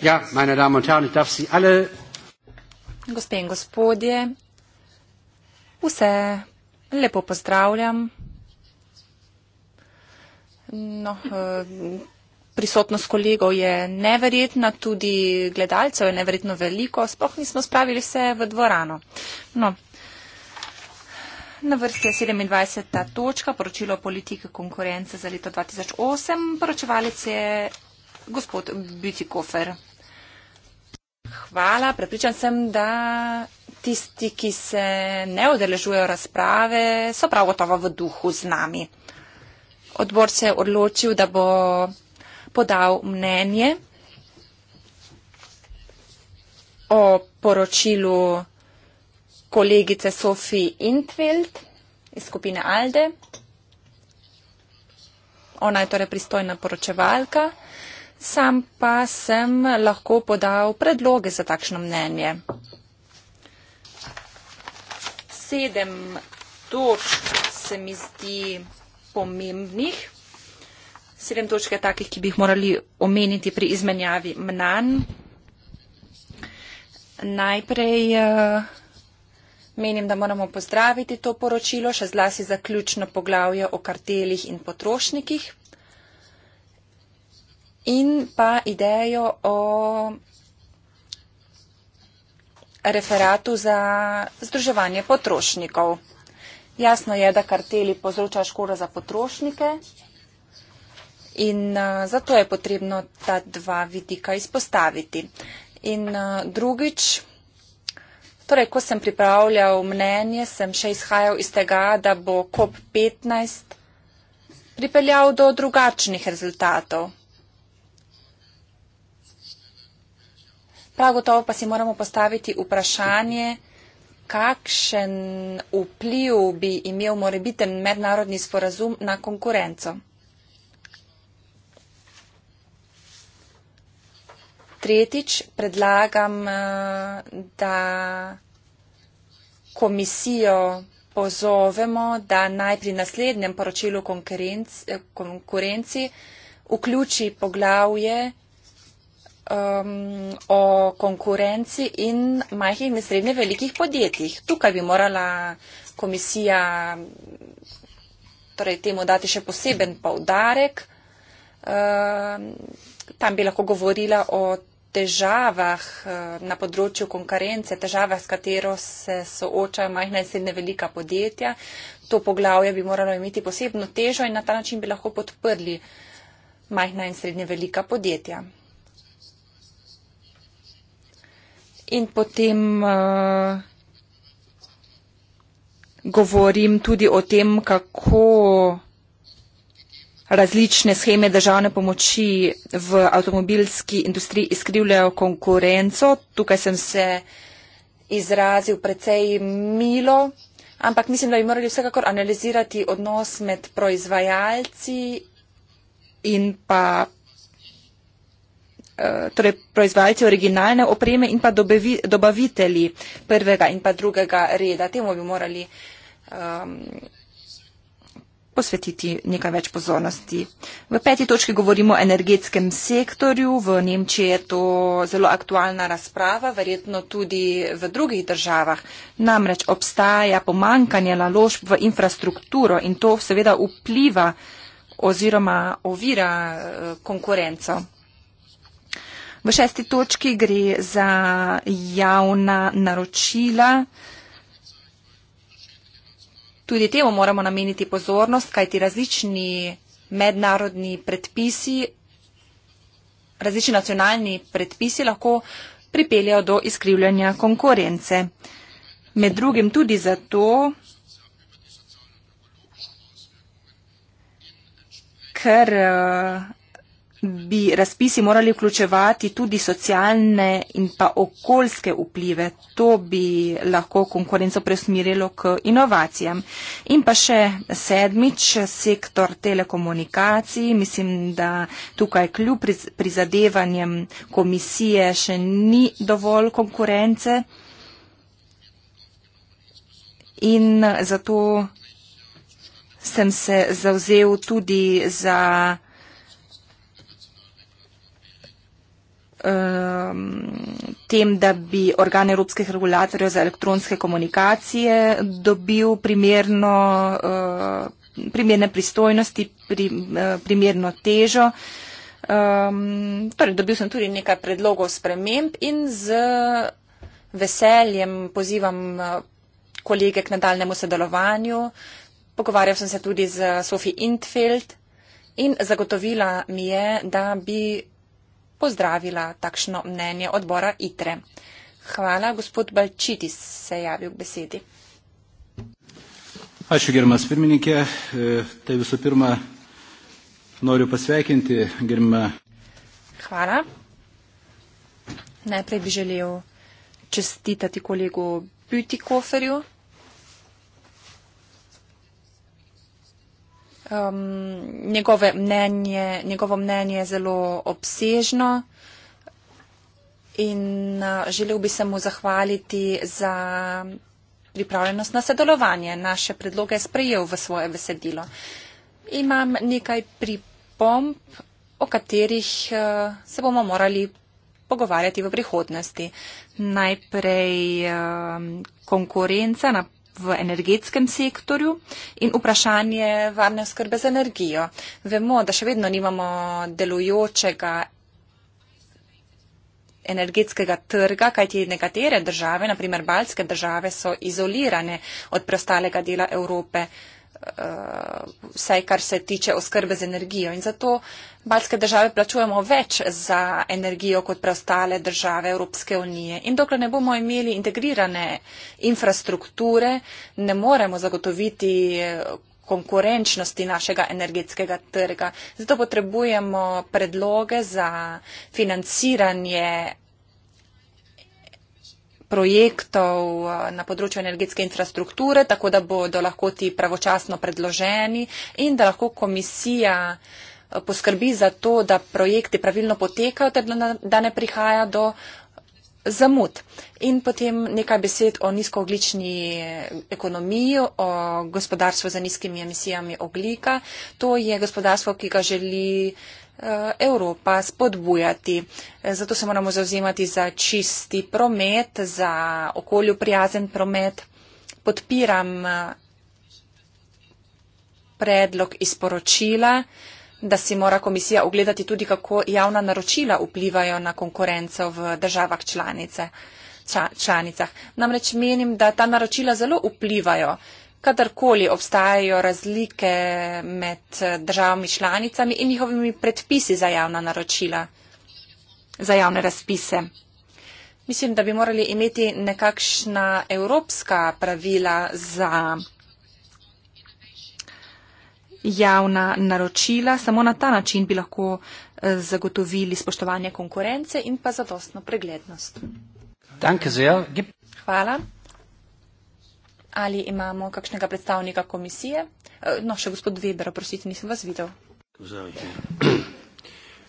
Ja, meine Damen und Herren, ich darf Sie alle. Gospe in gospodje, vse lepo pozdravljam. No, eh, prisotnost kolegov je neverjetna, tudi gledalcev je neverjetno veliko, sploh nismo spravili vse v dvorano. No, na vrsti je 27. točka, poročilo politike konkurence za leto 2008, poročevalec je gospod Bitikofer. Hvala, prepričan sem, da tisti, ki se ne odeležujejo razprave, so prav gotovo v duhu z nami. Odbor se je odločil, da bo podal mnenje o poročilu kolegice Sofie Intveld iz skupine Alde. Ona je torej pristojna poročevalka sam pa sem lahko podal predloge za takšno mnenje. Sedem točk se mi zdi pomembnih. Sedem točk je takih, ki bi jih morali omeniti pri izmenjavi mnanj. Najprej eh, menim, da moramo pozdraviti to poročilo, še zlasti zaključno poglavje o kartelih in potrošnikih in pa idejo o referatu za združevanje potrošnikov. Jasno je, da karteli povzročajo škoro za potrošnike in eh, zato je potrebno ta dva vidika izpostaviti. In eh, drugič, torej, ko sem pripravljal mnenje, sem še izhajal iz tega, da bo COP15 pripeljal do drugačnih rezultatov. Prav gotovo pa si moramo postaviti vprašanje, kakšen vpliv bi imel morebiten mednarodni sporazum na konkurenco. Tretjič predlagam, eh, da komisijo pozovemo, da naj pri naslednjem poročilu konkurenci vključi poglavje um, o konkurenci in majhnih in srednje velikih podjetjih. Tukaj bi morala komisija torej, temu dati še poseben povdarek. Um, tam bi lahko govorila o težavah uh, na področju konkurence, težavah, s katero se soočajo majhna in srednje velika podjetja. To poglavje bi moralo imeti posebno težo in na ta način bi lahko podprli majhna in srednje velika podjetja. in potem uh, govorim tudi o tem, kako različne scheme državne pomoči v avtomobilski industriji izkrivljajo konkurenco. Tukaj sem se izrazil precej milo, ampak mislim, da bi morali vsekakor analizirati odnos med proizvajalci in pa Eh, torej proizvajalci originalne opreme in pa dobevi, dobavitelji prvega in pa drugega reda. Temu bi morali um, posvetiti nekaj več pozornosti. V peti točki govorimo o energetskem sektorju. V Nemčiji je to zelo aktualna razprava, verjetno tudi v drugih državah. Namreč obstaja pomankanje naložb v infrastrukturo in to seveda vpliva oziroma ovira eh, konkurenco. V šesti točki gre za javna naročila. Tudi temu moramo nameniti pozornost, kajti različni mednarodni predpisi, različni nacionalni predpisi lahko pripeljajo do izkrivljanja konkurence. Med drugim tudi zato, ker bi razpisi morali vključevati tudi socialne in pa okoljske vplive. To bi lahko konkurenco presmirilo k inovacijam. In pa še sedmič, sektor telekomunikacij. Mislim, da tukaj kljub prizadevanjem komisije še ni dovolj konkurence. In zato sem se zauzel tudi za Um, tem, da bi organ evropskih regulatorjev za elektronske komunikacije dobil primerno, uh, primerne pristojnosti, uh, primerno težo. Um, torej, dobil sem tudi nekaj predlogov sprememb in z veseljem pozivam uh, kolege k nadaljnemu sodelovanju. Pogovarjal sem se tudi z Sofi Intfeld in zagotovila mi je, da bi pozdravila takšno mnenje odbora ITRE. Hvala, gospod Balčitis se je javil k besedi. Ačiū gerbiamas pirmininkė, e, tai visų pirma noriu pasveikinti gerbiamą. Hvala. Najprej bi želel čestitati kolegu Bütikoferju um, njegove mnenje, njegovo mnenje je zelo obsežno in uh, želel bi se mu zahvaliti za pripravljenost na sodelovanje. Naše predloge je sprejel v svoje besedilo. Imam nekaj pripomb, o katerih uh, se bomo morali pogovarjati v prihodnosti. Najprej uh, konkurenca na v energetskem sektorju in vprašanje varne oskrbe z energijo. Vemo, da še vedno nimamo delujočega energetskega trga, kajti nekatere države, naprimer baljske države, so izolirane od preostalega dela Evrope uh, eh, vse, kar se tiče oskrbe z energijo. In zato balske države plačujemo več za energijo kot preostale države Evropske unije. In dokler ne bomo imeli integrirane infrastrukture, ne moremo zagotoviti eh, konkurenčnosti našega energetskega trga. Zato potrebujemo predloge za financiranje projektov eh, na področju energetske infrastrukture, tako da bodo lahko ti pravočasno predloženi in da lahko komisija eh, poskrbi za to, da projekti pravilno potekajo, ter da ne prihaja do eh, zamud. In potem nekaj besed o nizkooglični ekonomiji, o gospodarstvu za nizkimi emisijami oglika. To je gospodarstvo, ki ga želi Eh, Evropa spodbujati. Eh, zato se moramo zauzemati za čisti promet, za okolju prijazen promet. Podpiram eh, predlog izporočila, da si mora komisija ogledati tudi, kako javna naročila vplivajo na konkurenco v državah članice, članicah. Namreč menim, da ta naročila zelo vplivajo. Kadarkoli obstajajo razlike med eh, državami članicami in njihovimi predpisi za javna naročila, za javne razpise. Mislim, da bi morali imeti nekakšna evropska pravila za javna naročila. Samo na ta način bi lahko eh, zagotovili spoštovanje konkurence in pa zadostno preglednost. Danke sehr. Hvala ali imamo kakšnega predstavnika komisije. Eh, no, še gospod Weber, prosite, nisem vas videl.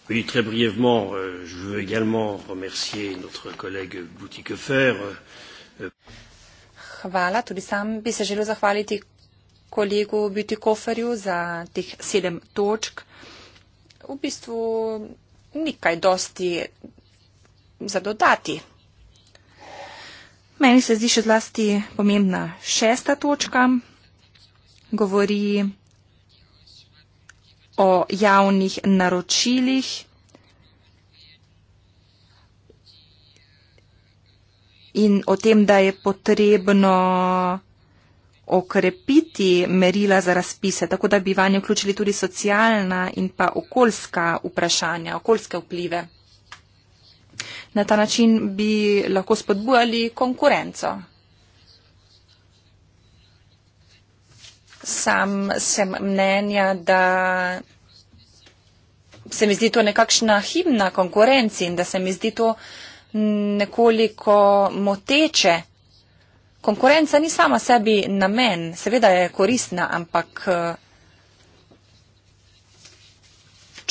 Oui, très brièvement, euh, je veux également remercier notre collègue Boutiquefer. Euh, euh, Hvala, tudi sam bi se želel zahvaliti kolegu Boutiqueferju za teh sedem točk. V bistvu ni kaj dosti za dodati. Meni se zdi še zlasti pomembna šesta točka, govori o javnih naročilih. In o tem, da je potrebno okrepiti merila za razpise, tako da bi vanje vključili tudi socialna in pa okoljska vprašanja, okoljske vplive na ta način bi lahko spodbujali konkurenco. Sam sem mnenja, da se mi zdi to nekakšna himna konkurenci in da se mi zdi to nekoliko moteče. Konkurenca ni sama sebi namen, seveda je koristna, ampak eh,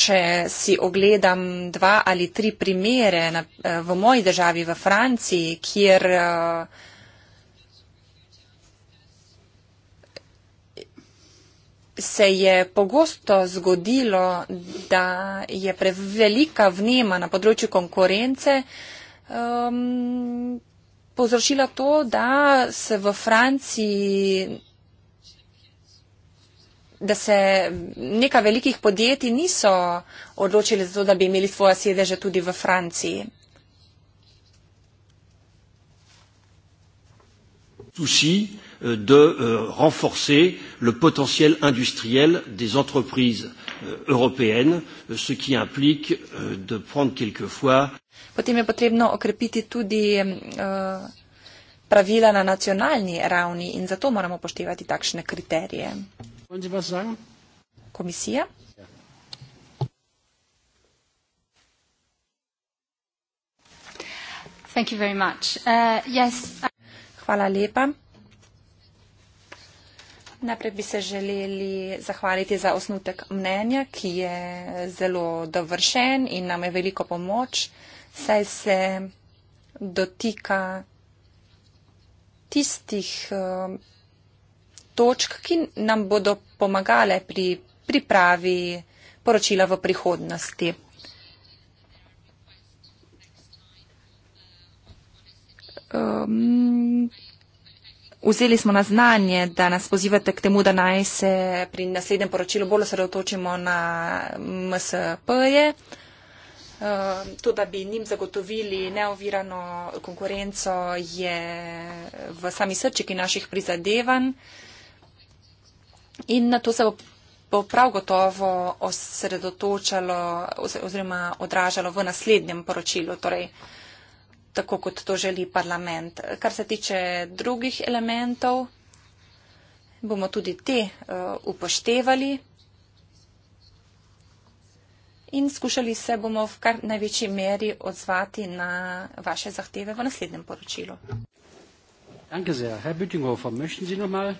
če si ogledam dva ali tri primere na, eh, v moji državi, v Franciji, kjer eh, se je pogosto zgodilo, da je prevelika vnema na področju konkurence um, povzročila to, da se v Franciji da se neka velikih podjetij niso odločili za to, da bi imeli svoje sedeže tudi v Franciji. Souci euh, de euh, renforcer le potentiel industriel des entreprises euh, européennes, ce qui implique de prendre quelquefois. Potem je potrebno okrepiti tudi uh, pravila na nacionalni ravni in zato moramo poštevati takšne kriterije. Wollen Sie was sagen? Kommissar? Thank you very much. Uh, yes. Hvala lepa. Najprej bi se želeli zahvaliti za osnutek mnenja, ki je zelo dovršen in nam je veliko pomoč, saj se dotika tistih. Uh, točk, ki nam bodo pomagale pri pripravi poročila v prihodnosti. Um, vzeli smo na znanje, da nas pozivate k temu, da naj se pri naslednjem poročilu bolj osredotočimo na MSP-je, um, to, da bi njim zagotovili neovirano konkurenco, je v sami srčiki naših prizadevanj. In na to se bo, bo prav gotovo osredotočalo oziroma odražalo v naslednjem poročilu, torej tako kot to želi parlament. Kar se tiče drugih elementov, bomo tudi te uh, upoštevali. In skušali se bomo v kar največji meri odzvati na vaše zahteve v naslednjem poročilu. Danke sehr. Herr Büttinghofer, möchten Sie noch mal?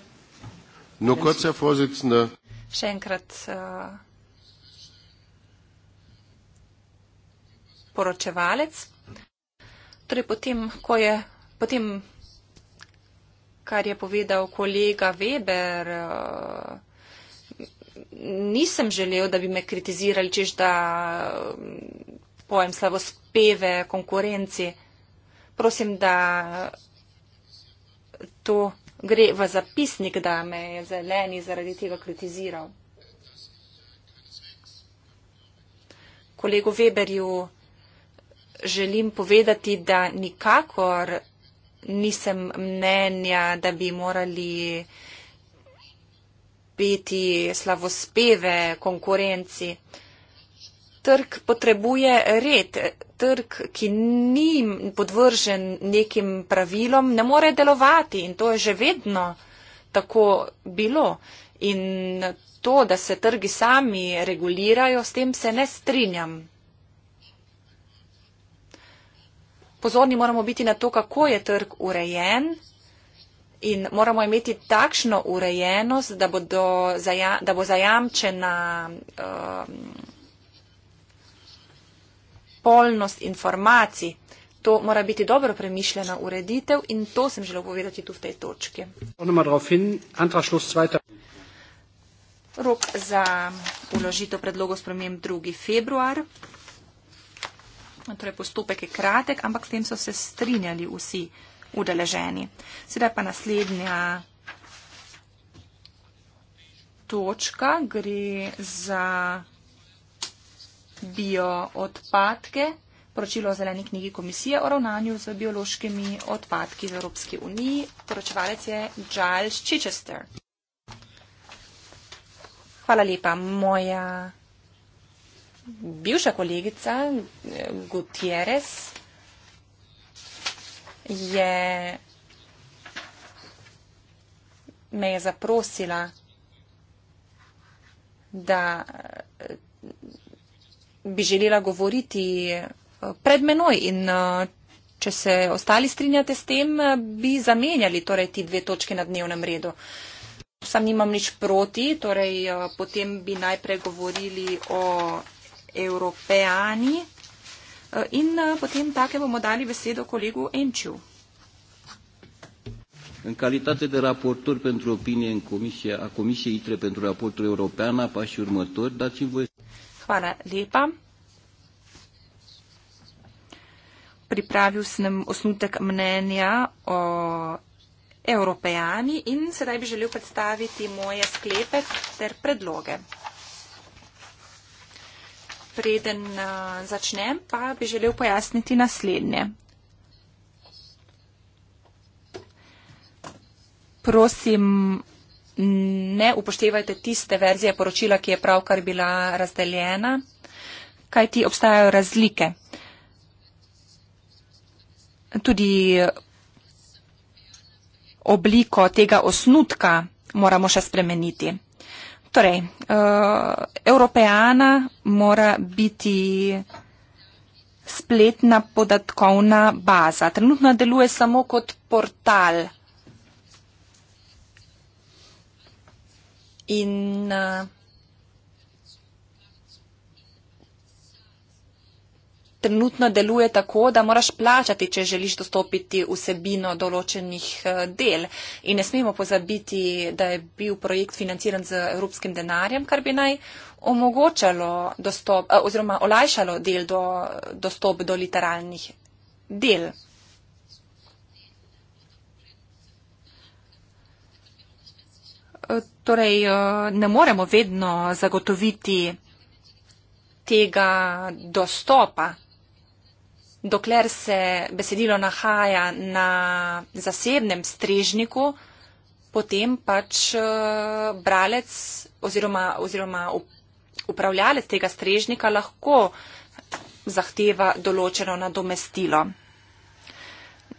No, kot se vozicne. Še enkrat uh, poročevalec. Torej, potem, ko je, potem, kar je povedal kolega Weber, uh, nisem želel, da bi me kritizirali, češ da eh, pojem slavo speve konkurenci. Prosim, da to gre v zapisnik, da me je zeleni zaradi tega kritiziral. Kolegu Weberju želim povedati, da nikakor nisem mnenja, da bi morali biti slavospeve konkurenci trg potrebuje red, trg, ki ni podvržen nekim pravilom, ne more delovati in to je že vedno tako bilo. In to, da se trgi sami regulirajo, s tem se ne strinjam. Pozorni moramo biti na to, kako je trg urejen in moramo imeti takšno urejenost, da bo, do, da bo zajamčena. Uh, polnost informacij. To mora biti dobro premišljena ureditev in to sem želel povedati tu v tej točki. Rok za uložitev predlogov sprememb 2. februar. Torej postopek je kratek, ampak s tem so se strinjali vsi udeleženi. Sedaj pa naslednja točka gre za bioodpadke, poročilo o zeleni knjigi komisije o ravnanju z biološkimi odpadki v Evropski uniji. Poročevalec je Giles Chichester. Hvala lepa, moja bivša kolegica Gutierrez je me je zaprosila, da bi želela govoriti eh, pred menoj in eh, če se ostali strinjate s tem, eh, bi zamenjali torej ti dve točke na dnevnem redu. Sam nimam nič proti, torej potem bi najprej govorili o Evropejani in potem take bomo dali besedo kolegu Enčju. În calitate de raportor pentru opinie în comisie, a Comisiei ITRE pentru raportul european, apa și următor, dați-mi voie. Hvala lepa. Pripravil sem osnutek mnenja o Evropejani in sedaj bi želel predstaviti moje sklepe ter predloge. Preden eh, začnem, pa bi želel pojasniti naslednje. Prosim, ne upoštevajte tiste verzije poročila, ki je pravkar bila razdeljena, kaj ti obstajajo razlike. Tudi obliko tega osnutka moramo še spremeniti. Torej, eh, evropejana mora biti spletna podatkovna baza. Trenutno deluje samo kot portal In uh, trenutno deluje tako, da moraš plačati, če želiš dostopiti vsebino določenih uh, del. In ne smemo pozabiti, da je bil projekt financiran z evropskim denarjem, kar bi naj omogočalo dostop, uh, oziroma olajšalo del do, dostop do literalnih del. torej eh, ne moremo vedno zagotoviti tega dostopa, dokler se besedilo nahaja na zasebnem strežniku, potem pač eh, bralec oziroma, oziroma upravljalec tega strežnika lahko zahteva določeno nadomestilo.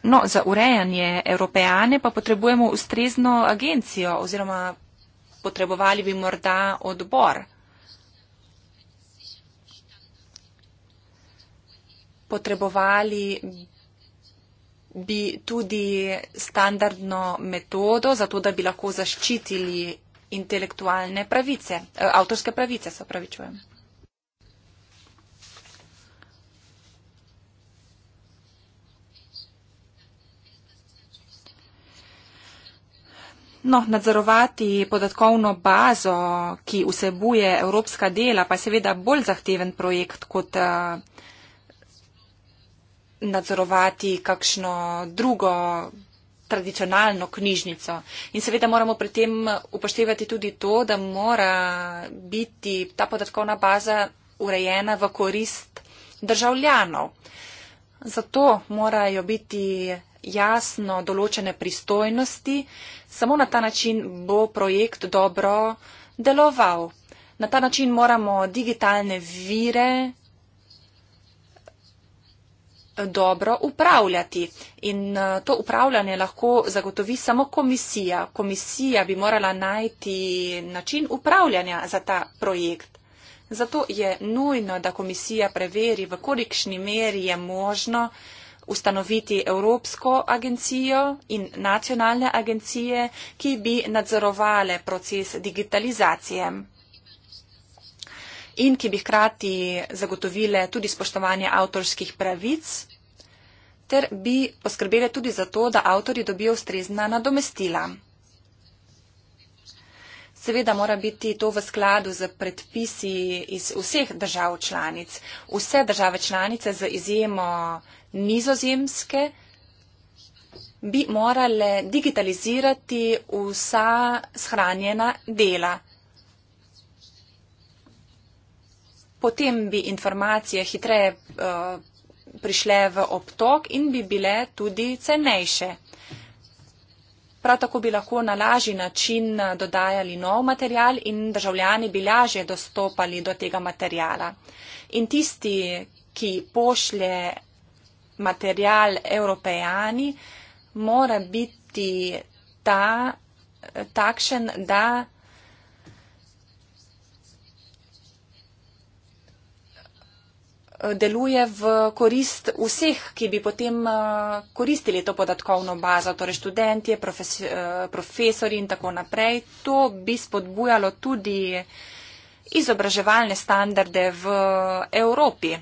No, za urejanje Evropejane pa potrebujemo ustrezno agencijo oziroma potrebovali bi morda odbor. Potrebovali bi tudi standardno metodo, zato da bi lahko zaščitili intelektualne pravice, eh, avtorske pravice, se pravičujem. No, nadzorovati podatkovno bazo, ki vsebuje evropska dela, pa je seveda bolj zahteven projekt kot eh, nadzorovati kakšno drugo tradicionalno knjižnico. In seveda moramo pri tem upoštevati tudi to, da mora biti ta podatkovna baza urejena v korist državljanov. Zato morajo biti jasno določene pristojnosti, samo na ta način bo projekt dobro deloval. Na ta način moramo digitalne vire dobro upravljati. In eh, to upravljanje lahko zagotovi samo komisija. Komisija bi morala najti način upravljanja za ta projekt. Zato je nujno, da komisija preveri, v kolikšni meri je možno uh, ustanoviti Evropsko agencijo in nacionalne agencije, ki bi nadzorovale proces digitalizacije in ki bi hkrati zagotovile tudi spoštovanje avtorskih pravic ter bi poskrbele tudi za to, da avtori dobijo ustrezna nadomestila. Seveda mora biti to v skladu z predpisi iz vseh držav članic. Vse države članice z izjemo nizozemske bi morale digitalizirati vsa shranjena dela. Potem bi informacije hitreje eh, prišle v obtok in bi bile tudi cenejše. Prav tako bi lahko na lažji način eh, dodajali nov material in državljani bi lažje dostopali do tega materijala. In tisti, ki pošlje material evropejani, mora biti ta, takšen, da deluje v korist vseh, ki bi potem eh, koristili to podatkovno bazo, torej študentje, eh, profesori in tako naprej. To bi spodbujalo tudi izobraževalne standarde v Evropi.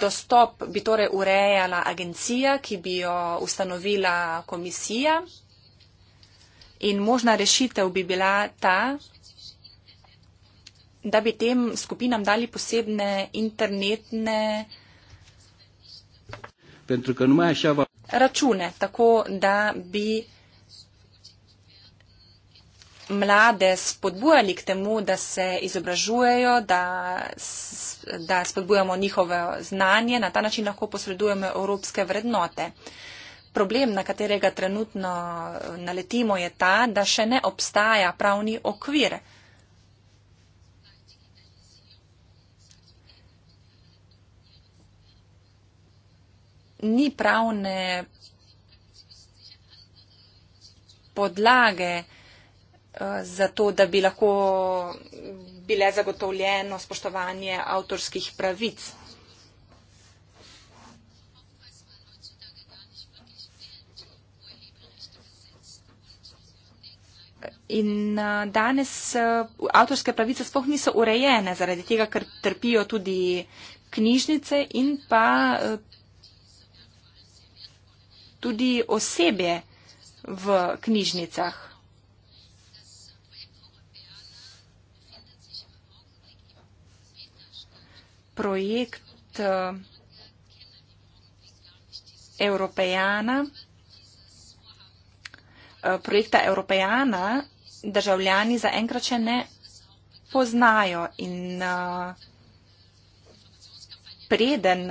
dostop bi torej urejala agencija, ki bi jo ustanovila komisija. In možna rešitev bi bila ta, da bi tem skupinam dali posebne internetne račune, tako da bi mlade spodbujali k temu, da se izobražujejo, da, da spodbujamo njihove znanje, na ta način lahko posredujemo evropske vrednote. Problem, na katerega trenutno naletimo, je ta, da še ne obstaja pravni okvir. Ni pravne podlage, Eh, zato, da bi lahko bile zagotovljeno spoštovanje avtorskih pravic. In eh, danes eh, avtorske pravice sploh niso urejene zaradi tega, ker trpijo tudi knjižnice in pa tudi osebe v knjižnicah. projekt eh, Evropejana, eh, projekta Evropejana državljani zaenkrat še ne poznajo in eh, preden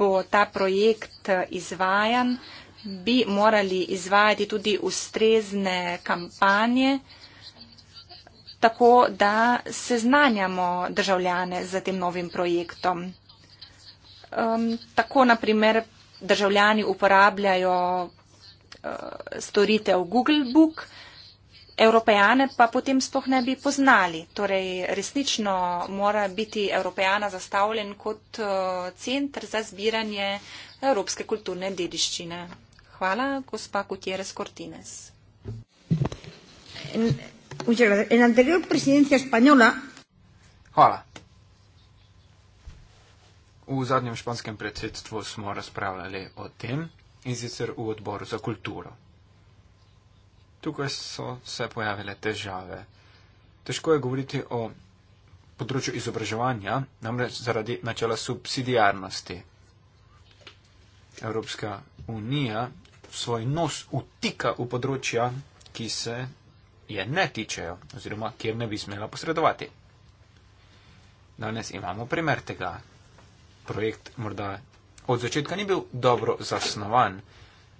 bo ta projekt izvajan, bi morali izvajati tudi ustrezne kampanje, tako da seznanjamo državljane z tem novim projektom. Um, tako naprimer državljani uporabljajo uh, storitev Google Book, evropejane pa potem sploh ne bi poznali. Torej resnično mora biti evropejana zastavljen kot uh, centr za zbiranje evropske kulturne dediščine. Hvala, gospa Gutierrez Cortines. In, Muchas gracias. En la anterior presidencia española. Hola. V zadnjem španskem predsedstvu smo razpravljali o tem in sicer v odboru za kulturo. Tukaj so se pojavile težave. Težko je govoriti o področju izobraževanja, namreč zaradi načela subsidijarnosti. Evropska unija svoj nos utika v področja, ki se je ne tičejo oziroma kjer ne bi smela posredovati. Danes imamo primer tega. Projekt morda od začetka ni bil dobro zasnovan,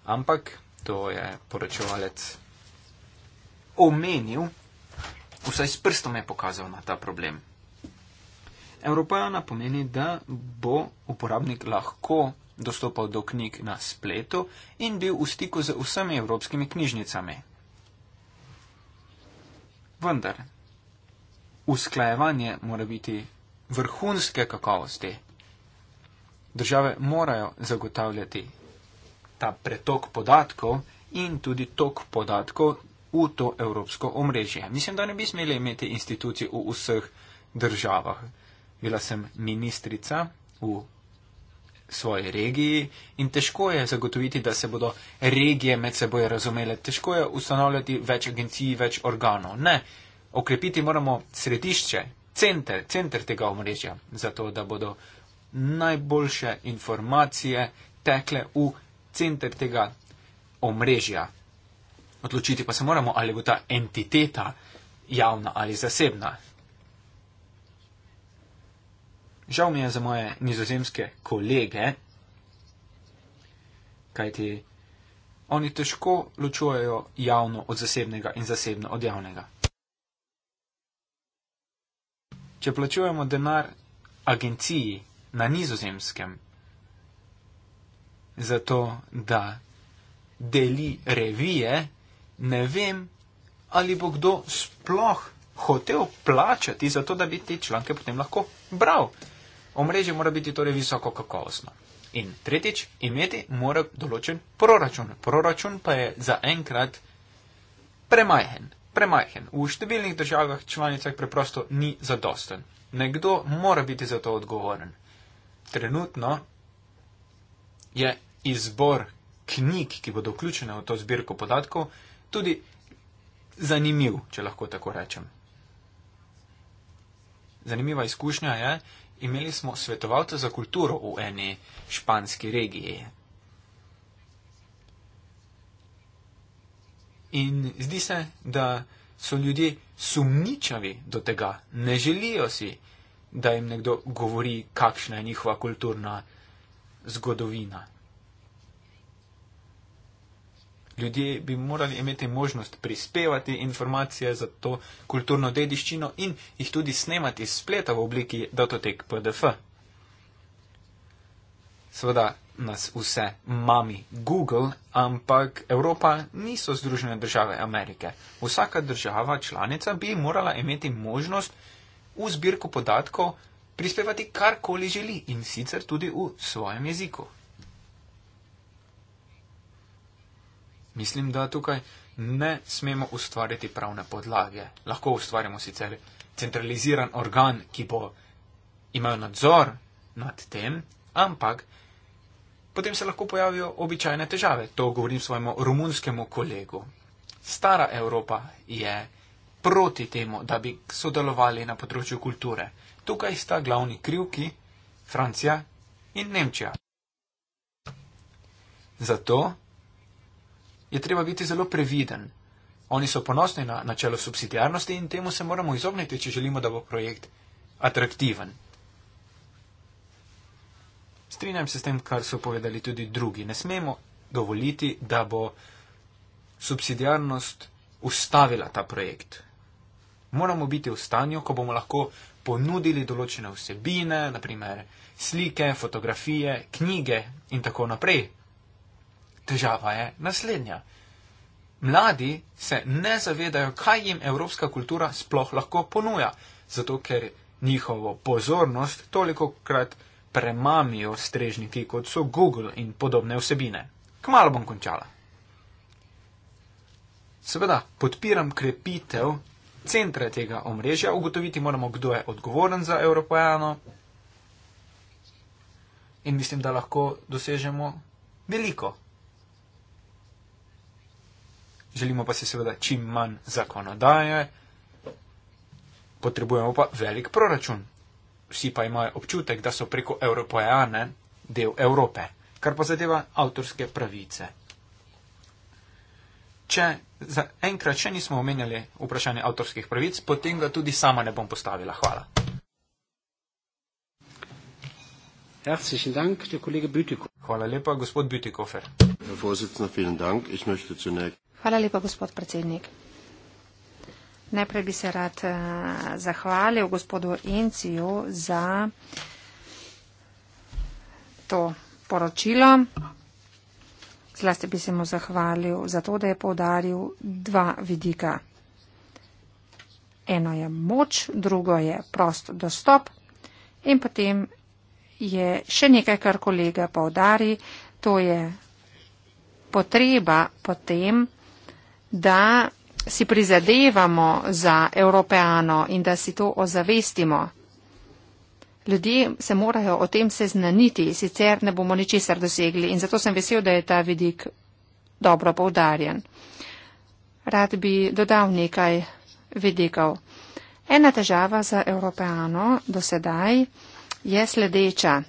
ampak to je poročevalec omenil, vsaj s prstom je pokazal na ta problem. Evropajana pomeni, da bo uporabnik lahko dostopal do knjig na spletu in bil v stiku z vsemi evropskimi knjižnicami vendar, usklajevanje mora biti vrhunske kakovosti. Države morajo zagotavljati ta pretok podatkov in tudi tok podatkov v to evropsko omrežje. Mislim, da ne bi smeli imeti institucij v vseh državah. Bila sem ministrica v svoji regiji in težko je zagotoviti, da se bodo regije med seboj razumele. Težko je ustanovljati več agencij, več organov. Ne, okrepiti moramo središče, center, center tega omrežja, zato da bodo najboljše informacije tekle v center tega omrežja. Odločiti pa se moramo, ali bo ta entiteta javna ali zasebna. Žal mi je za moje nizozemske kolege, kajti oni težko ločujejo javno od zasebnega in zasebno od javnega. Če plačujemo denar agenciji na nizozemskem, zato da deli revije, ne vem, ali bo kdo sploh hotel plačati za to, da bi te članke potem lahko bral. Omrežje mora biti torej visoko kakovostno. In tretjič, imeti mora določen proračun. Proračun pa je zaenkrat premajhen, premajhen. V številnih državah članicah preprosto ni zadosten. Nekdo mora biti za to odgovoren. Trenutno je izbor knjig, ki bodo vključene v to zbirko podatkov, tudi zanimiv, če lahko tako rečem. Zanimiva izkušnja je, imeli smo svetovalca za kulturo v eni španski regiji. In zdi se, da so ljudje sumničavi do tega, ne želijo si, da jim nekdo govori, kakšna je njihova kulturna zgodovina ljudje bi morali imeti možnost prispevati informacije za to kulturno dediščino in jih tudi snemati iz spleta v obliki datotek PDF. Seveda nas vse mami Google, ampak Evropa niso združene države Amerike. Vsaka država članica bi morala imeti možnost v zbirko podatkov prispevati karkoli želi in sicer tudi v svojem jeziku. Mislim, da tukaj ne smemo ustvariti pravne podlage. Lahko ustvarjamo sicer centraliziran organ, ki bo imel nadzor nad tem, ampak potem se lahko pojavijo običajne težave. To govorim svojemu romunskemu kolegu. Stara Evropa je proti temu, da bi sodelovali na področju kulture. Tukaj sta glavni krivki Francija in Nemčija. Zato je treba biti zelo previden. Oni so ponosni na načelo subsidijarnosti in temu se moramo izogniti, če želimo, da bo projekt atraktiven. Strinjam se s tem, kar so povedali tudi drugi. Ne smemo dovoliti, da bo subsidijarnost ustavila ta projekt. Moramo biti v stanju, ko bomo lahko ponudili določene vsebine, naprimer slike, fotografije, knjige in tako naprej, težava je naslednja. Mladi se ne zavedajo, kaj jim evropska kultura sploh lahko ponuja, zato ker njihovo pozornost toliko krat premamijo strežniki, kot so Google in podobne vsebine. Kmalo bom končala. Seveda podpiram krepitev centra tega omrežja, ugotoviti moramo, kdo je odgovoren za evropejano in mislim, da lahko dosežemo veliko. Želimo pa si seveda čim manj zakonodaje, potrebujemo pa velik proračun. Vsi pa imajo občutek, da so preko Evropejane del Evrope, kar pa zadeva avtorske pravice. Če za enkrat še nismo omenjali vprašanje avtorskih pravic, potem ga tudi sama ne bom postavila. Hvala. Hvala lepa, gospod Bütikofer. Hvala lepa, gospod predsednik. Najprej bi se rad uh, zahvalil gospodu Enciju za to poročilo. Zlasti bi se mu zahvalil za to, da je povdaril dva vidika. Eno je moč, drugo je prost dostop in potem je še nekaj, kar kolega povdari, to je potreba potem, da si prizadevamo za Evropejano in da si to ozavestimo. Ljudje se morajo o tem seznaniti, sicer ne bomo ničesar dosegli in zato sem vesel, da je ta vidik dobro povdarjen. Rad bi dodal nekaj vidikov. Ena težava za Evropejano do sedaj je sledeča.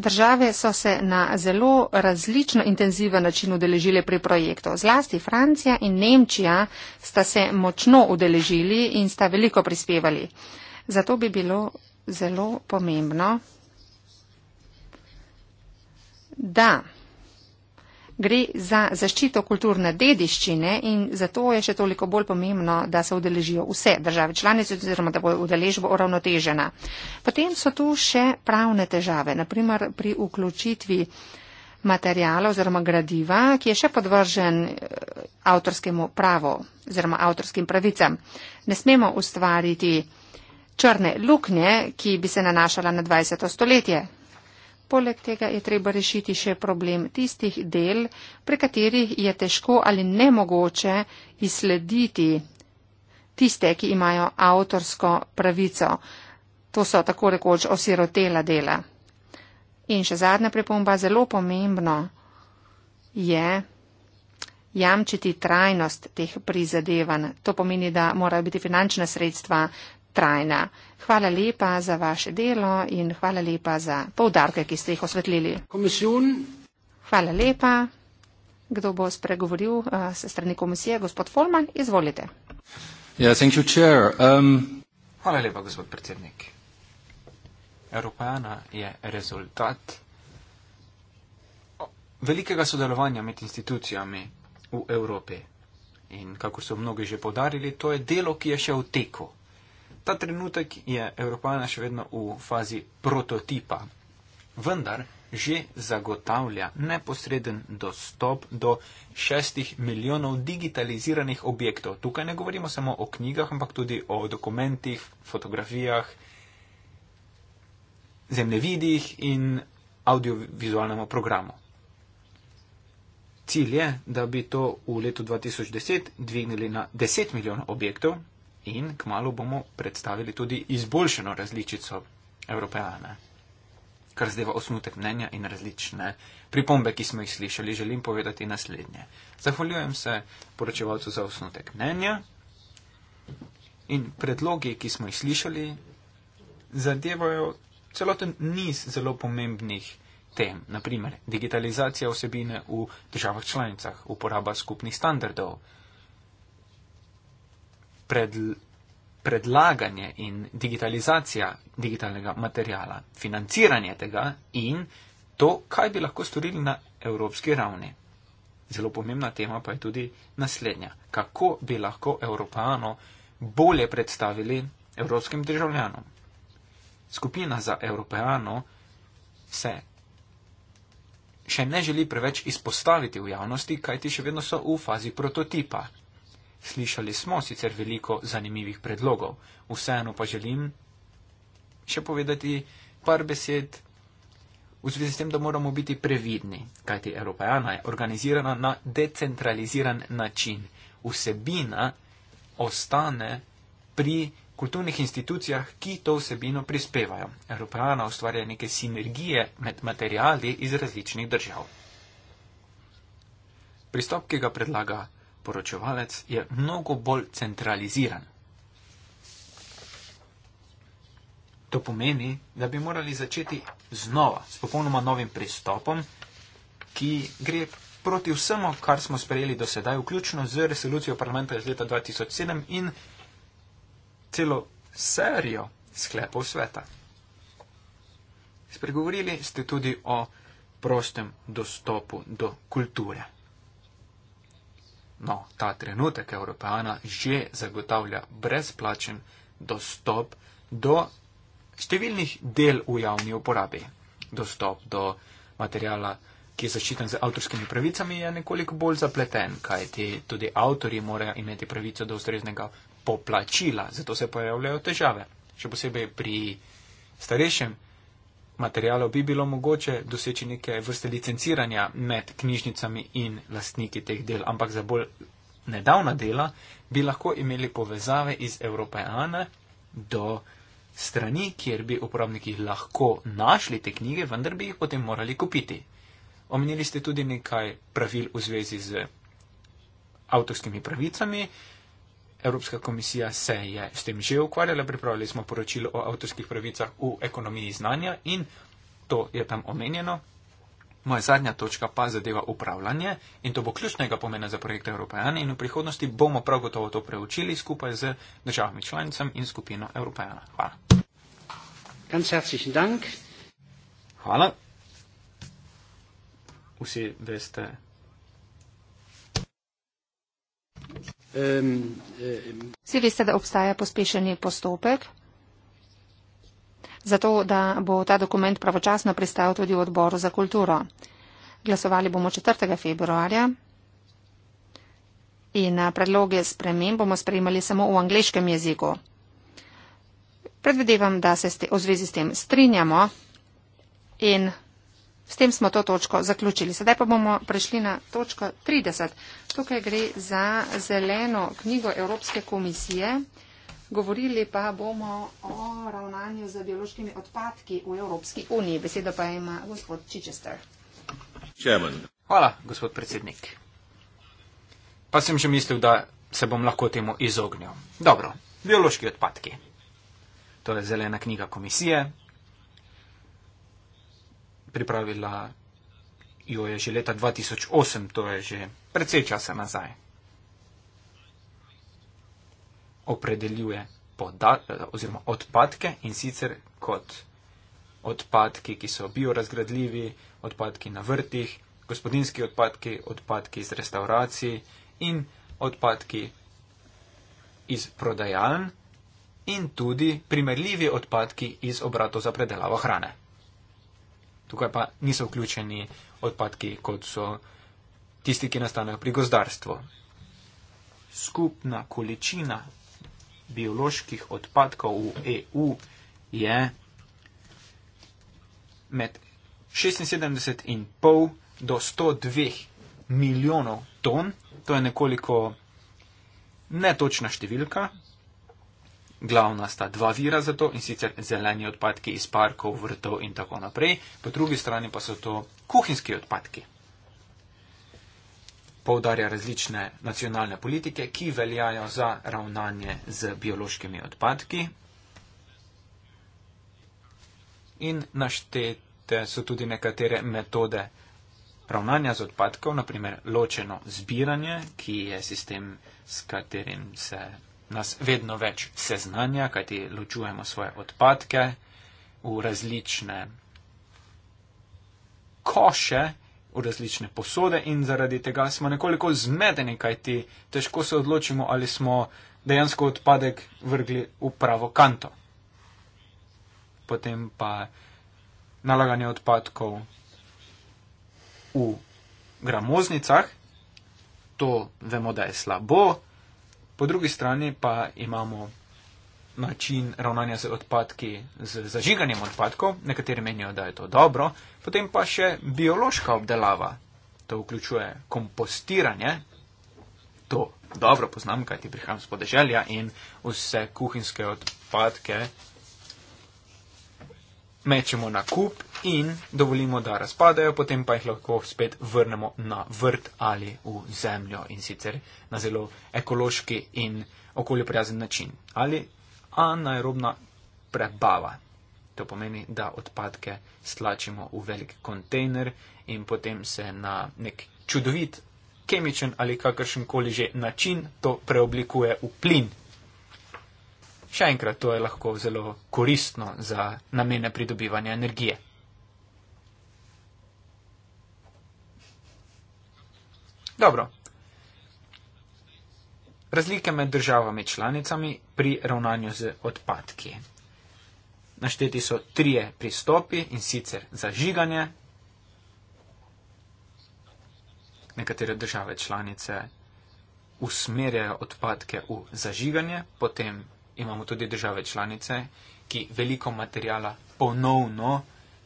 države so se na zelo različno intenziven način udeležile pri projektu. Zlasti Francija in Nemčija sta se močno udeležili in sta veliko prispevali. Zato bi bilo zelo pomembno, da gre za zaščito kulturne dediščine in zato je še toliko bolj pomembno, da se udeležijo vse države članice oziroma da bo udeležba uravnotežena. Potem so tu še pravne težave, naprimer pri vključitvi materijala oziroma gradiva, ki je še podvržen eh, avtorskemu pravu oziroma avtorskim pravicam. Ne smemo ustvariti črne luknje, ki bi se nanašala na 20. stoletje. Poleg tega je treba rešiti še problem tistih del, pri katerih je težko ali nemogoče izslediti tiste, ki imajo avtorsko pravico. To so tako rekoč osirotela dela. In še zadnja pripomba, zelo pomembno je jamčiti trajnost teh prizadevanj. To pomeni, da morajo biti finančna sredstva trajna. Hvala lepa za vaše delo in hvala lepa za povdarke, ki ste jih osvetlili. Komisjon. Hvala lepa. Kdo bo spregovoril uh, eh, se strani komisije? Gospod Folman, izvolite. Yeah, you, um... Hvala lepa, gospod predsednik. Evropejana je rezultat velikega sodelovanja med institucijami v Evropi. In kako so mnogi že podarili, to je delo, ki je še v teku ta trenutek je Evropana še vedno v fazi prototipa, vendar že zagotavlja neposreden dostop do šestih milijonov digitaliziranih objektov. Tukaj ne govorimo samo o knjigah, ampak tudi o dokumentih, fotografijah, zemljevidih in audiovizualnemu programu. Cilj je, da bi to v letu 2010 dvignili na 10 milijonov objektov, in kmalo bomo predstavili tudi izboljšeno različico evropejane. Kar zdeva osnutek mnenja in različne pripombe, ki smo jih slišali, želim povedati naslednje. Zahvaljujem se poročevalcu za osnutek mnenja in predlogi, ki smo jih slišali, zadevajo celoten niz zelo pomembnih tem, naprimer digitalizacija osebine v državah članicah, uporaba skupnih standardov, pred, predlaganje in digitalizacija digitalnega materijala, financiranje tega in to, kaj bi lahko storili na evropski ravni. Zelo pomembna tema pa je tudi naslednja. Kako bi lahko Evropano bolje predstavili evropskim državljanom? Skupina za Evropano se še ne želi preveč izpostaviti v javnosti, kajti še vedno so v fazi prototipa. Slišali smo sicer veliko zanimivih predlogov, vseeno pa želim še povedati par besed v zvezi s tem, da moramo biti previdni, kajti Evropejana je organizirana na decentraliziran način. Vsebina ostane pri kulturnih institucijah, ki to vsebino prispevajo. Evropejana ustvarja neke sinergije med materijali iz različnih držav. Pristop, ki ga predlaga poročevalec je mnogo bolj centraliziran. To pomeni, da bi morali začeti znova, s popolnoma novim pristopom, ki gre proti vsemu, kar smo sprejeli do sedaj, vključno z resolucijo parlamenta iz leta 2007 in celo serijo sklepov sveta. Spregovorili ste tudi o prostem dostopu do kulture. No, ta trenutek Evropejana že zagotavlja brezplačen dostop do številnih del v javni uporabi. Dostop do materijala, ki je zaščiten z avtorskimi pravicami, je nekoliko bolj zapleten, kajti tudi avtori morajo imeti pravico do ustreznega poplačila, zato se pojavljajo težave, še posebej pri starejšem materijalov bi bilo mogoče doseči neke vrste licenciranja med knjižnicami in lastniki teh del, ampak za bolj nedavna dela bi lahko imeli povezave iz Evropejane do strani, kjer bi uporabniki lahko našli te knjige, vendar bi jih potem morali kupiti. Omenili ste tudi nekaj pravil v zvezi z avtorskimi pravicami, Evropska komisija se je s tem že ukvarjala, pripravili smo poročilo o avtorskih pravicah v ekonomiji znanja in to je tam omenjeno. Moja zadnja točka pa zadeva upravljanje in to bo ključnega pomena za projekt Evropejane in v prihodnosti bomo prav gotovo to preučili skupaj z državami članicam in skupino Evropejana. Hvala. Hvala. Vsi veste, Vsi veste, da obstaja pospešeni postopek, zato da bo ta dokument pravočasno pristal tudi v odboru za kulturo. Glasovali bomo 4. februarja in predloge sprememb bomo sprejemali samo v angliškem jeziku. Predvidevam, da se v zvezi s tem strinjamo in S tem smo to točko zaključili. Sedaj pa bomo prešli na točko 30. Tukaj gre za zeleno knjigo Evropske komisije. Govorili pa bomo o ravnanju z biološkimi odpadki v Evropski uniji. Besedo pa ima gospod Čičester. Hvala, gospod predsednik. Pa sem že mislil, da se bom lahko temu izognil. Dobro, biološki odpadki. To je zelena knjiga komisije, pripravila jo je že leta 2008, to je že precej časa nazaj. Opredeljuje oziroma odpadke in sicer kot odpadki, ki so biorazgradljivi, odpadki na vrtih, gospodinski odpadki, odpadki iz restauracij in odpadki iz prodajaln in tudi primerljivi odpadki iz obratov za predelavo hrane tukaj pa niso vključeni odpadki, kot so tisti, ki nastanejo pri gozdarstvu. Skupna količina bioloških odpadkov v EU je med 76,5 do 102 milijonov ton, to je nekoliko netočna številka, Glavna sta dva vira za to in sicer zeleni odpadki iz parkov, vrtov in tako naprej, po drugi strani pa so to kuhinjski odpadki. Poudarja različne nacionalne politike, ki veljajo za ravnanje z biološkimi odpadki. In naštete so tudi nekatere metode ravnanja z odpadkov, naprimer ločeno zbiranje, ki je sistem, s katerim se nas vedno več seznanja, kajti ločujemo svoje odpadke v različne koše, v različne posode in zaradi tega smo nekoliko zmedeni, kajti težko se odločimo, ali smo dejansko odpadek vrgli v pravo kanto. Potem pa nalaganje odpadkov v gramoznicah, to vemo, da je slabo. Po drugi strani pa imamo način ravnanja z odpadki, z zažiganjem odpadkov, nekateri menijo, da je to dobro, potem pa še biološka obdelava, to vključuje kompostiranje, to dobro poznam, kajti prihajam s podeželja in vse kuhinske odpadke mečemo na kup in dovolimo, da razpadajo, potem pa jih lahko spet vrnemo na vrt ali v zemljo in sicer na zelo ekološki in okoljoprijazen način. Ali anaerobna prebava. To pomeni, da odpadke slačimo v velik kontejner in potem se na nek čudovit, kemičen ali kakršenkoli že način to preoblikuje v plin še enkrat, to je lahko zelo koristno za namene pridobivanja energije. Dobro. Razlike med državami članicami pri ravnanju z odpadki. Našteti so trije pristopi in sicer zažiganje. Nekatere države članice usmerjajo odpadke v zažiganje, potem imamo tudi države članice, ki veliko materijala ponovno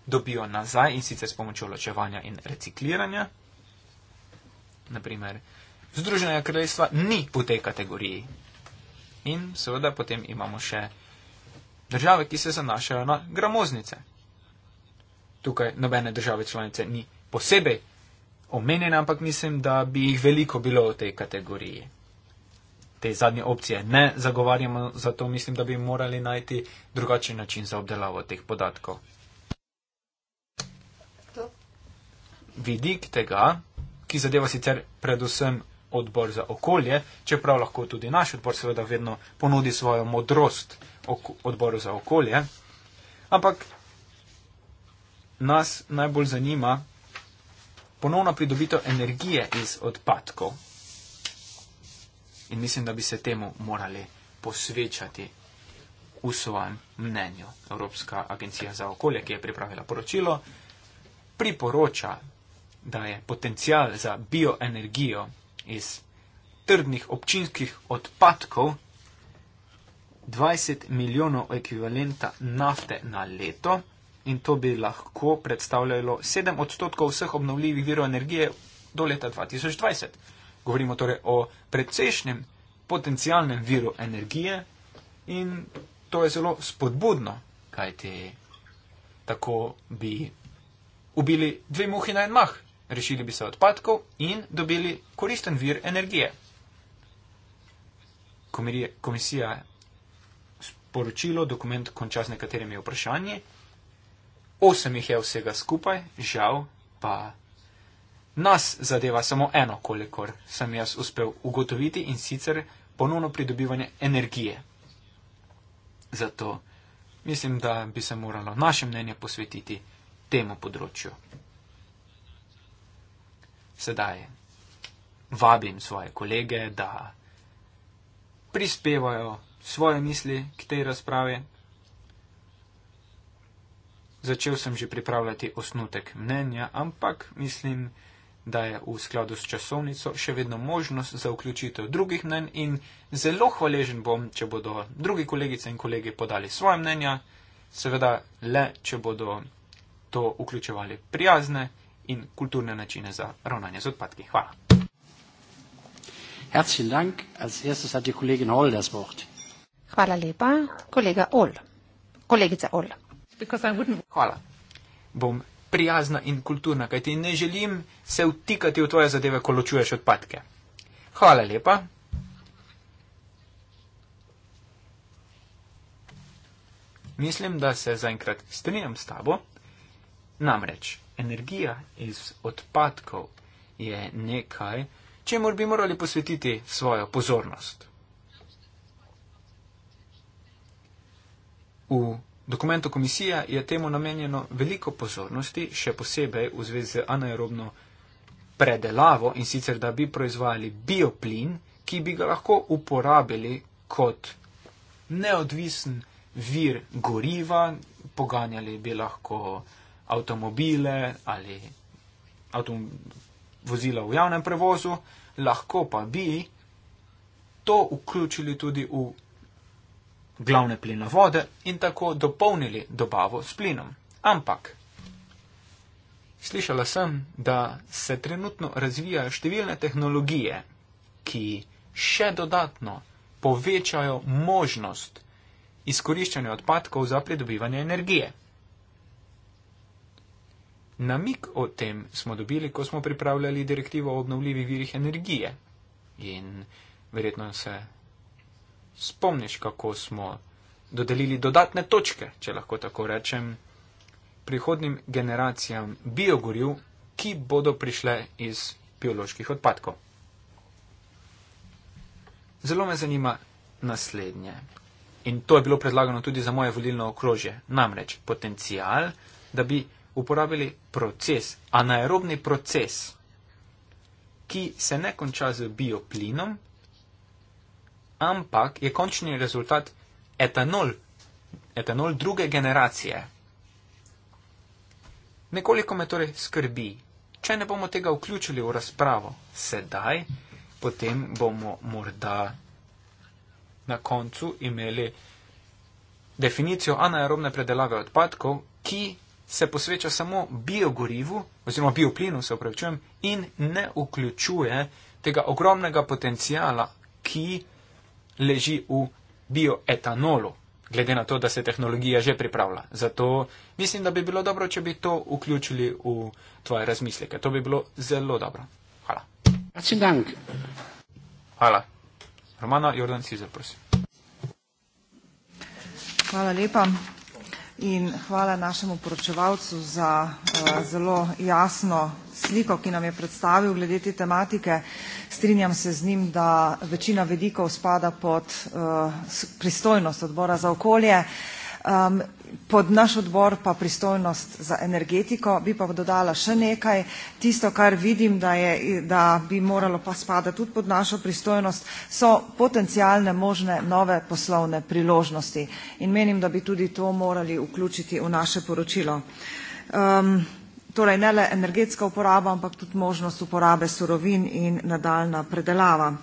dobijo nazaj in sicer s pomočjo ločevanja in recikliranja. Naprimer, Združenega kraljestva ni v tej kategoriji. In seveda potem imamo še države, ki se zanašajo na gramoznice. Tukaj nobene države članice ni posebej omenjene, ampak mislim, da bi jih veliko bilo v tej kategoriji te zadnje opcije ne zagovarjamo, zato mislim, da bi morali najti drugačen način za obdelavo teh podatkov. Vidik tega, ki zadeva sicer predvsem odbor za okolje, čeprav lahko tudi naš odbor seveda vedno ponudi svojo modrost odboru za okolje, ampak nas najbolj zanima ponovna pridobitev energije iz odpadkov in mislim, da bi se temu morali posvečati v svojem mnenju. Evropska agencija za okolje, ki je pripravila poročilo, priporoča, da je potencial za bioenergijo iz trdnih občinskih odpadkov 20 milijonov ekvivalenta nafte na leto in to bi lahko predstavljalo 7 odstotkov vseh obnovljivih virov energije do leta 2020. Govorimo torej o precejšnjem potencijalnem viru energije in to je zelo spodbudno, kajti tako bi ubili dve muhi na en mah, rešili bi se odpadkov in dobili koristen vir energije. Komisija je sporočilo, dokument konča z nekaterimi vprašanji, osem jih je vsega skupaj, žal pa nas zadeva samo eno, kolikor sem jaz uspel ugotoviti in sicer ponovno pridobivanje energije. Zato mislim, da bi se moralo naše mnenje posvetiti temu področju. Sedaj vabim svoje kolege, da prispevajo svoje misli k tej razpravi. Začel sem že pripravljati osnutek mnenja, ampak mislim, da je v skladu s časovnico še vedno možnost za vključitev drugih mnen in zelo hvaležen bom, če bodo drugi kolegice in kolegi podali svoje mnenja, seveda le, če bodo to vključevali prijazne in kulturne načine za ravnanje z odpadki. Hvala. Hvala lepa, kolega Ol. Kolegica Ol. Hvala. Bom prijazna in kulturna, kajti ne želim se vtikati v tvoje zadeve, ko ločuješ odpadke. Hvala lepa. Mislim, da se zaenkrat strinjam s tabo. Namreč, energija iz odpadkov je nekaj, čemu bi morali posvetiti svojo pozornost. V dokumentu komisije je temu namenjeno veliko pozornosti, še posebej v zvezi z anaerobno predelavo in sicer, da bi proizvajali bioplin, ki bi ga lahko uporabili kot neodvisen vir goriva, poganjali bi lahko avtomobile ali avtom vozila v javnem prevozu, lahko pa bi to vključili tudi v glavne plinovode in tako dopolnili dobavo s plinom. Ampak slišala sem, da se trenutno razvijajo številne tehnologije, ki še dodatno povečajo možnost izkoriščanja odpadkov za pridobivanje energije. Namik o tem smo dobili, ko smo pripravljali direktivo o obnovljivih virih energije. In verjetno se spomniš, kako smo dodelili dodatne točke, če lahko tako rečem, prihodnim generacijam biogoriv, ki bodo prišle iz bioloških odpadkov. Zelo me zanima naslednje. In to je bilo predlagano tudi za moje volilno okrožje. Namreč potencial, da bi uporabili proces, anaerobni proces, ki se ne konča z bioplinom, ampak je končni rezultat etanol, etanol druge generacije. Nekoliko me torej skrbi, če ne bomo tega vključili v razpravo sedaj, potem bomo morda na koncu imeli definicijo anaerobne predelave odpadkov, ki se posveča samo biogorivu oziroma bioplinu, se upravičujem, in ne vključuje tega ogromnega potencijala, ki leži v bioetanolu, glede na to, da se tehnologija že pripravlja. Zato mislim, da bi bilo dobro, če bi to vključili v tvoje razmisleke. To bi bilo zelo dobro. Hvala. Hvala. Romana Jordan Cizer, prosim. Hvala lepa in hvala našemu poročevalcu za eh, zelo jasno sliko, ki nam je predstavil glede te tematike. Strinjam se z njim, da večina vidikov spada pod eh, pristojnost odbora za okolje. Pod naš odbor pa pristojnost za energetiko. Bi pa dodala še nekaj. Tisto, kar vidim, da, je, da bi moralo pa spadati tudi pod našo pristojnost, so potencijalne možne nove poslovne priložnosti. In menim, da bi tudi to morali vključiti v naše poročilo. Um, torej ne le energetska uporaba, ampak tudi možnost uporabe surovin in nadaljna predelava. Uh,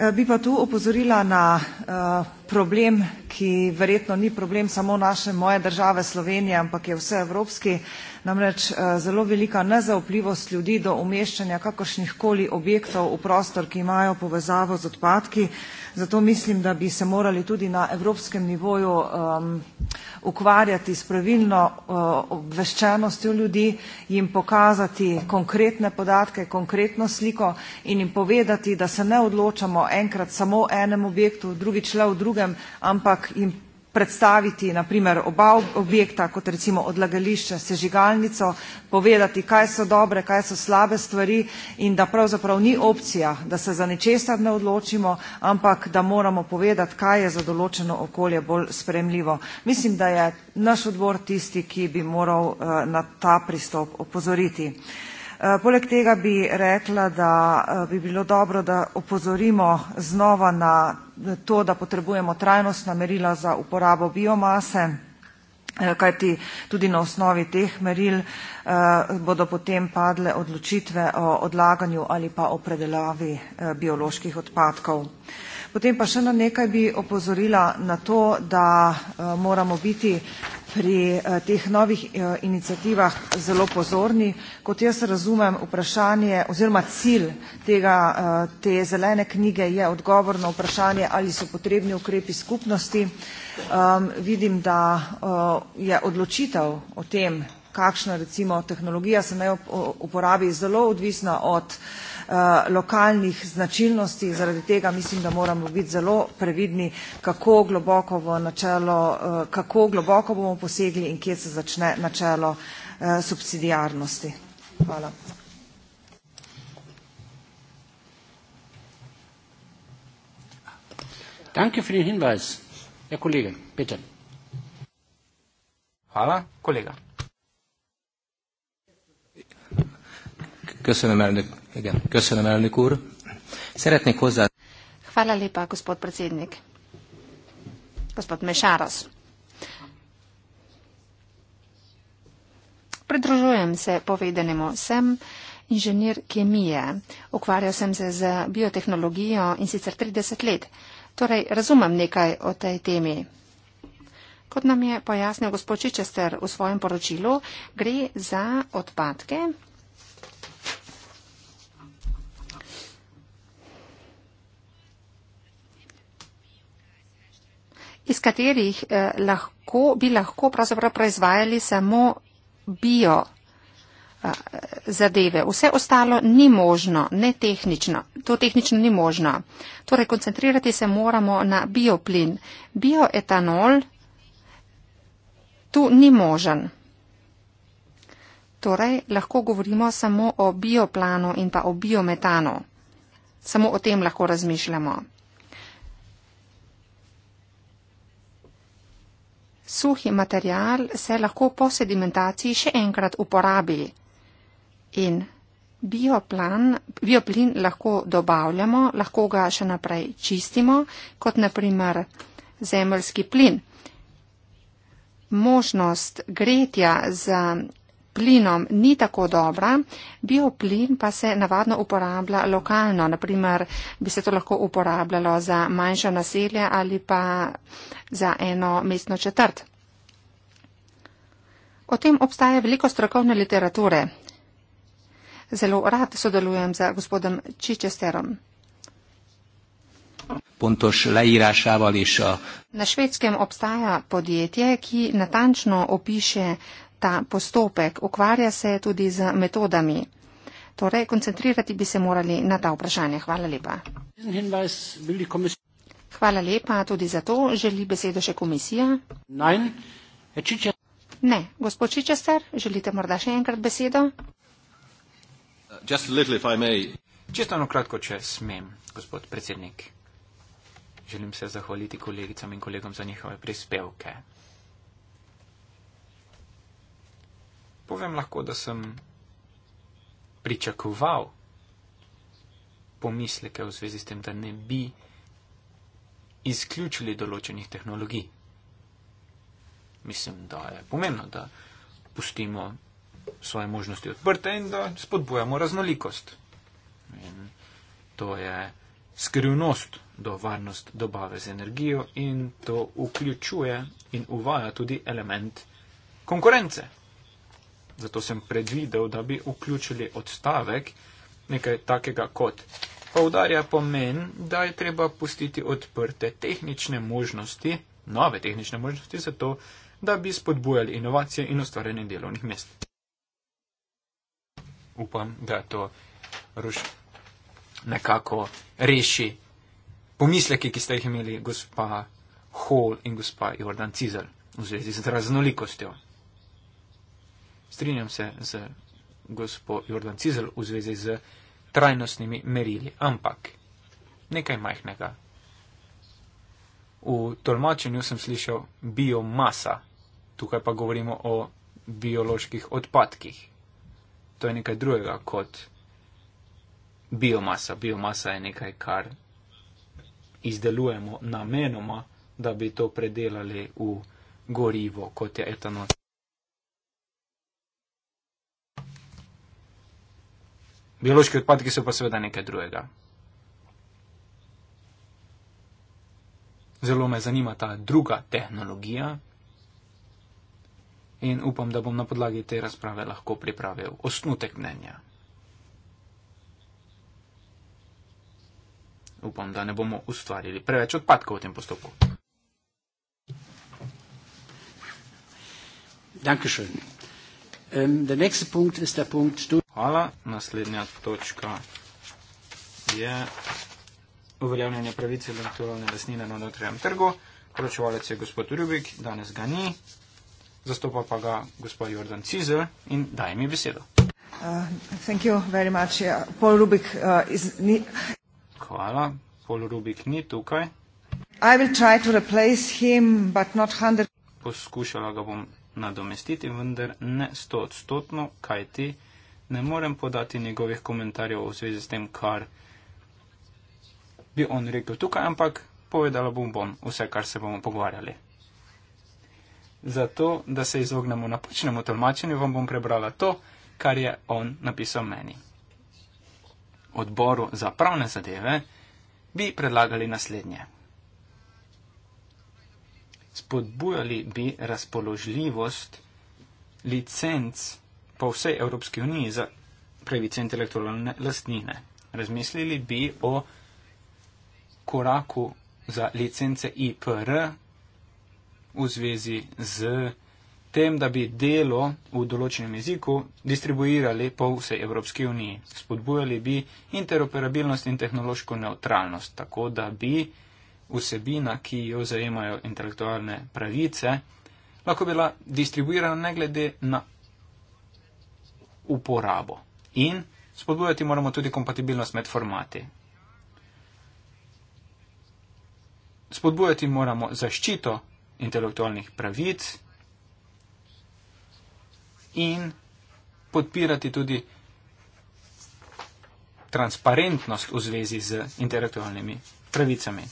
Eh, bi pa tu opozorila na eh, problem, ki verjetno ni problem samo naše, moje države Slovenije, ampak je vse evropski, namreč eh, zelo velika nezaupljivost ljudi do umeščanja kakršnihkoli objektov v prostor, ki imajo povezavo z odpadki. Zato mislim, da bi se morali tudi na evropskem nivoju um, ukvarjati s pravilno uh, obveščenostjo ljudi, jim pokazati konkretne podatke, konkretno sliko in jim povedati, da se ne odločamo enkrat samo o enem objektu, drugič le o drugem, ampak jim predstaviti na primer oba objekta, kot recimo odlagališče, sežigalnico, povedati, kaj so dobre, kaj so slabe stvari in da pravzaprav ni opcija, da se za nečesar ne odločimo, ampak da moramo povedati, kaj je za določeno okolje bolj spremljivo. Mislim, da je naš odbor tisti, ki bi moral eh, na ta pristop opozoriti. Eh, poleg tega bi rekla, da eh, bi bilo dobro, da opozorimo znova na to, da potrebujemo trajnostna merila za uporabo biomase, eh, kajti tudi na osnovi teh meril bodo potem padle odločitve o odlaganju ali pa o predelavi bioloških odpadkov. Potem pa še na nekaj bi opozorila na to, da moramo biti pri eh, teh novih eh, inicijativah zelo pozorni. Kot jaz razumem, vprašanje oziroma cilj tega, eh, te zelene knjige je odgovor na vprašanje, ali so potrebni ukrepi skupnosti. Um, vidim, da uh, je odločitev o tem, kakšna recimo tehnologija se naj uporabi, zelo odvisna od uh, Eh, lokalnih značilnosti. Zaradi tega mislim, da moramo biti zelo previdni, kako globoko, v načelo, eh, kako globoko bomo posegli in kje se začne načelo eh, subsidijarnosti. Hvala. Danke für den Hinweis, Herr Kollege. Bitte. Hvala, kolega. Ker se ne merim, Igen. Köszönöm, elnök úr. Szeretnék hozzá... Hvala lepa, gospod predsednik. Gospod Mešaros. Pridružujem se povedanemu. Sem inženir kemije. Ukvarjal sem se z biotehnologijo in sicer 30 let. Torej, razumem nekaj o tej temi. Kot nam je pojasnil gospod Čičester v svojem poročilu, gre za odpadke, iz katerih eh, lahko, bi lahko pravzaprav proizvajali samo bio eh, zadeve. Vse ostalo ni možno, ne tehnično. To tehnično ni možno. Torej, koncentrirati se moramo na bioplin. Bioetanol tu ni možen. Torej, lahko govorimo samo o bioplanu in pa o biometanu. Samo o tem lahko razmišljamo. suhi material se lahko po sedimentaciji še enkrat uporabi in Bioplan, bioplin lahko dobavljamo, lahko ga še naprej čistimo, kot naprimer zemljski plin. Možnost gretja z plinom ni tako dobra, bioplin pa se navadno uporablja lokalno. Naprimer, bi se to lahko uporabljalo za manjše naselje ali pa za eno mestno četrt. O tem obstaja veliko strokovne literature. Zelo rad sodelujem z gospodom Čičesterom. Na švedskem obstaja podjetje, ki natančno opiše ta postopek, ukvarja se tudi z metodami. Torej, koncentrirati bi se morali na ta vprašanja. Hvala lepa. Hvala lepa tudi za to. Želi besedo še komisija? Ne. Gospod Čičester, želite morda še enkrat besedo? Čisto eno kratko, če smem, gospod predsednik. Želim se zahvaliti kolegicam in kolegom za njihove prispevke. Povem lahko, da sem pričakoval pomisleke v zvezi s tem, da ne bi izključili določenih tehnologij. Mislim, da je pomembno, da pustimo svoje možnosti odprte in da spodbujamo raznolikost. In to je skrivnost do varnost dobave z energijo in to vključuje in uvaja tudi element konkurence zato sem predvidel, da bi vključili odstavek nekaj takega kot. Poudarja pomen, da je treba pustiti odprte tehnične možnosti, nove tehnične možnosti za to, da bi spodbujali inovacije in ustvarjanje delovnih mest. Upam, da to ruš nekako reši pomisleke, ki ste jih imeli gospa Hall in gospa Jordan Cizel v zvezi z raznolikostjo strinjam se z gospo Jordan Cizel v zvezi z trajnostnimi merili, ampak nekaj majhnega. V tolmačenju sem slišal biomasa, tukaj pa govorimo o bioloških odpadkih. To je nekaj drugega kot biomasa. Biomasa je nekaj, kar izdelujemo namenoma, da bi to predelali v gorivo, kot je etanol. Biološki odpadki so pa seveda nekaj drugega. Zelo me zanima ta druga tehnologija in upam, da bom na podlagi te razprave lahko pripravil osnutek mnenja. Upam, da ne bomo ustvarili preveč odpadkov v tem postopku. Dankeschön. Ähm, der nächste Punkt ist der Punkt Studium. Hvala. Naslednja točka je uveljavljanje pravice do intelektualne lasnine na notranjem trgu. Poročevalec je gospod Rubik, danes ga ni, zastopa pa ga gospod Jordan Cizel in daj mi besedo. Uh, ja, Paul Rubik, uh, iz, ni... Hvala. Paul Rubik ni tukaj. Him, poskušala ga bom nadomestiti, vendar ne stoodstotno, kaj ti ne morem podati njegovih komentarjev v zvezi s tem, kar bi on rekel tukaj, ampak povedala bom bom vse, kar se bomo pogovarjali. Zato, da se izognemo napačnemu tolmačenju, vam bom prebrala to, kar je on napisal meni. Odboru za pravne zadeve bi predlagali naslednje. Spodbujali bi razpoložljivost licenc po vsej Evropski uniji za pravice intelektualne lastnine. Razmislili bi o koraku za licence IPR v zvezi z tem, da bi delo v določenem jeziku distribuirali po vsej Evropski uniji. Spodbujali bi interoperabilnost in tehnološko neutralnost, tako da bi vsebina, ki jo zajemajo intelektualne pravice, lahko bila distribuirana ne glede na uporabo. In spodbujati moramo tudi kompatibilnost med formati. Spodbujati moramo zaščito intelektualnih pravic in podpirati tudi transparentnost v zvezi z intelektualnimi pravicami.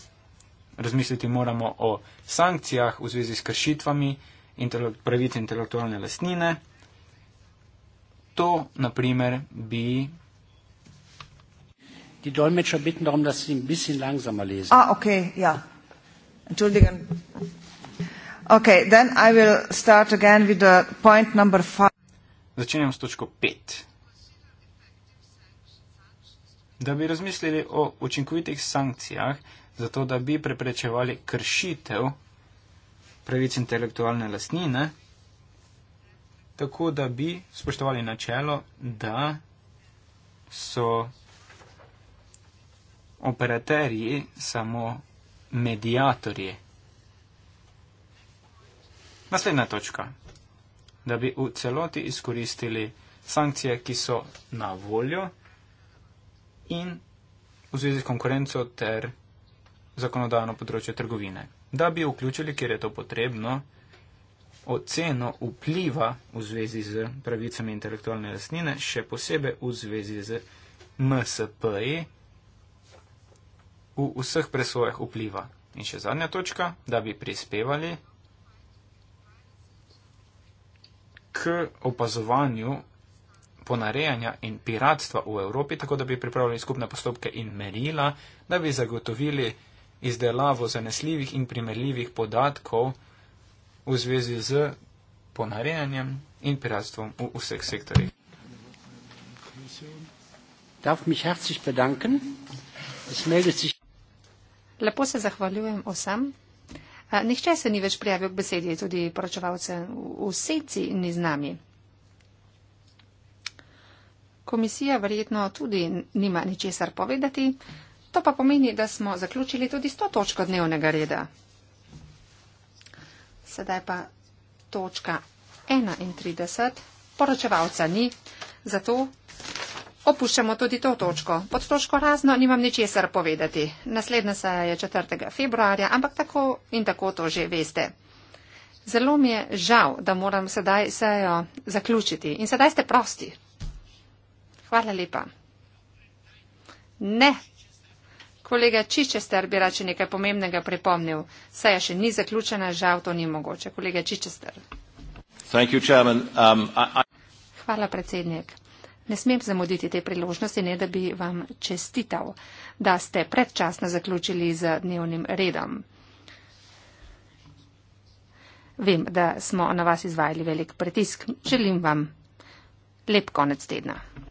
Razmisliti moramo o sankcijah v zvezi s kršitvami intelekt, pravic intelektualne lastnine. To, na primer, bi. Die Dolmetscher bitten darum, dass Sie ein bisschen langsamer lesen. Ah, okay, ja. Entschuldigen. Okay, then I will start again with the point number five. Začenjam s točko pet. Da bi razmislili o učinkovitih sankcijah, zato da bi preprečevali kršitev pravic intelektualne lastnine tako da bi spoštovali načelo, da so operaterji samo medijatorji. Naslednja točka. Da bi v celoti izkoristili sankcije, ki so na voljo in v zvezi s konkurenco ter zakonodajno področje trgovine. Da bi vključili, kjer je to potrebno, oceno vpliva v zvezi z pravicami intelektualne lastnine, še posebej v zvezi z MSP-ji, e, v vseh presojah vpliva. In še zadnja točka, da bi prispevali k opazovanju ponarejanja in piratstva v Evropi, tako da bi pripravili skupne postopke in merila, da bi zagotovili izdelavo zanesljivih in primerljivih podatkov, v zvezi z ponarejanjem in piratstvom v vseh sektorjih. Lepo se zahvaljujem vsem. Nihče se ni več prijavil k besedi, tudi poročevalce v seci ni z nami. Komisija verjetno tudi nima ničesar povedati, to pa pomeni, da smo zaključili tudi sto točko dnevnega reda. Sedaj pa točka 31. Poročevalca ni, zato opuščamo tudi to točko. Pod točko razno nimam ničesar povedati. Naslednja seja je 4. februarja, ampak tako in tako to že veste. Zelo mi je žal, da moram sedaj sejo zaključiti in sedaj ste prosti. Hvala lepa. Ne, Kolega Čičester bi rače nekaj pomembnega pripomnil. Seja še ni zaključena, žal to ni mogoče. Kolega Čičester. You, um, I, I... Hvala, predsednik. Ne smem zamuditi te priložnosti, ne da bi vam čestital, da ste predčasno zaključili z dnevnim redom. Vem, da smo na vas izvajali velik pritisk. Želim vam lep konec tedna.